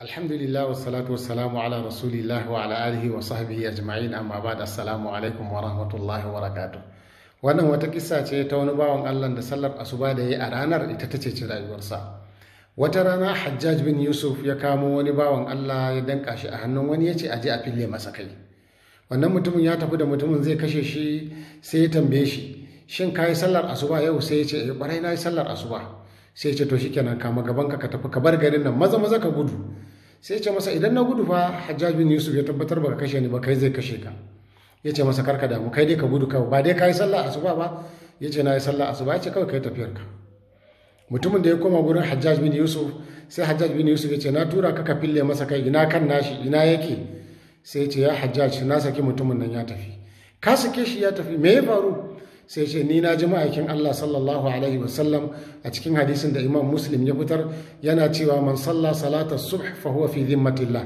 alhamdulillah wa salatu salamu ala rasulillah wa ala alihi wa sahbihi ajma'in amma da assalamu alaikum wa rahmatullahi wa rakatu. wannan wata kisa ce ta wani bawan Allah da sallar asuba da yi a ranar ita ta ce rayuwarsa wata rana Hajjaj bin Yusuf ya kamo wani bawan Allah ya danka shi a hannun wani ya ce aje a fille masa kai wannan mutumin ya tafi da mutumin zai kashe shi sai ya tambaye shi shin ka yi sallar asuba yau sai ya ce ya eh, yi nayi sallar asuba sai ce to shikenan kama gaban ka ka tafi ka bar garin nan maza maza ka gudu sai ce masa idan na gudu fa hajjaj bin yusuf ya tabbatar ba ka kashe ni ba kai zai kashe ka ya ce masa karka damu kai dai ka gudu kawai ba dai ka yi sallah asuba ba ya ce na yi sallah asuba ya ce kawai kai tafiyar ka mutumin da ya koma gurin hajjaj bin yusuf sai hajjaj bin yusuf ya ce na tura ka ka fille masa kai ina kan nashi ina yake sai ce ya hajjaj na saki mutumin nan ya tafi ka sake shi ya tafi me ya faru sai ce ni na ji ma'aikin Allah sallallahu alaihi wasallam a cikin hadisin da Imam Muslim ya fitar yana cewa man salla salata subh fa huwa fi dhimmatillah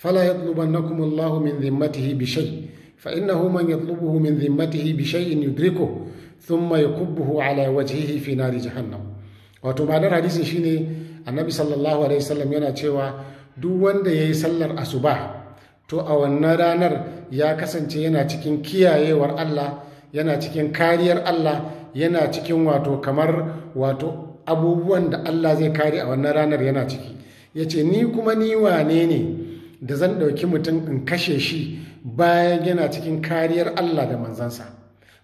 fala yatlubannakum Allahu min zimmatihi bi shay fa innahu man yatlubuhu min zimmatihi bi shay yudriku thumma yakubbuhu ala wajhihi fi nari jahannam wato ma'anar hadisin shine annabi sallallahu alaihi wasallam yana cewa duk wanda yayi sallar asuba to a wannan ranar ya kasance yana cikin kiyayewar Allah yana cikin kariyar Allah yana cikin wato kamar wato abubuwan da Allah zai kari a wannan ranar yana ciki ya ce ni kuma ni wane ne da zan ɗauki mutum in kashe shi bayan yana cikin kariyar Allah da manzansa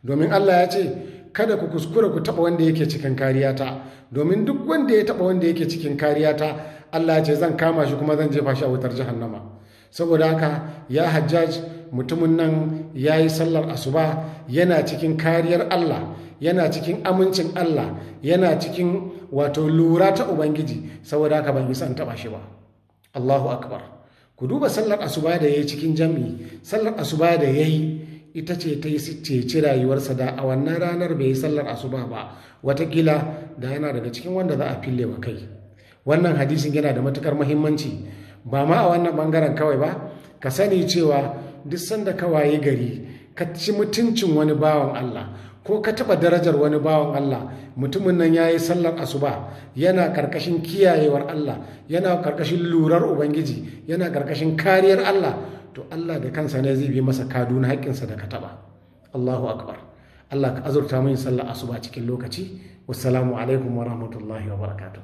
domin Allah ya ce kada ku kuskura ku taɓa wanda yake cikin kariyata domin duk wanda ya taɓa wanda yake cikin kariyata Allah ya ce zan kama shi kuma zan jefa shi a wutar jahannama saboda haka ya hajjaj mutumin nan ya yi sallar asuba yana cikin kariyar Allah yana cikin amincin Allah yana cikin wato lura ta Ubangiji saboda haka ban san taba shi ba Allahu akbar ku duba sallar asuba da yayi cikin jam'i sallar asuba da yayi ita ce ta yi ceci rayuwarsa da a wannan ranar bai yi sallar asuba ba Wata watakila da yana daga cikin wanda za a fille wa kai wannan hadisin yana da matukar muhimmanci ba ma a wannan bangaren kawai ba ka sani cewa duk sanda ka waye gari ka ci mutuncin wani bawan Allah ko ka taɓa darajar wani bawan Allah mutumin nan ya yi sallar asuba yana ƙarƙashin kiyayewar Allah yana ƙarƙashin lurar Ubangiji yana ƙarƙashin kariyar Allah to Allah da kansa ne zai bi masa kaduna haƙƙinsa da ka taɓa Allahu akbar Allah ka azurta min sallar asuba cikin lokaci wassalamu alaikum wa rahmatullahi wa barakatuh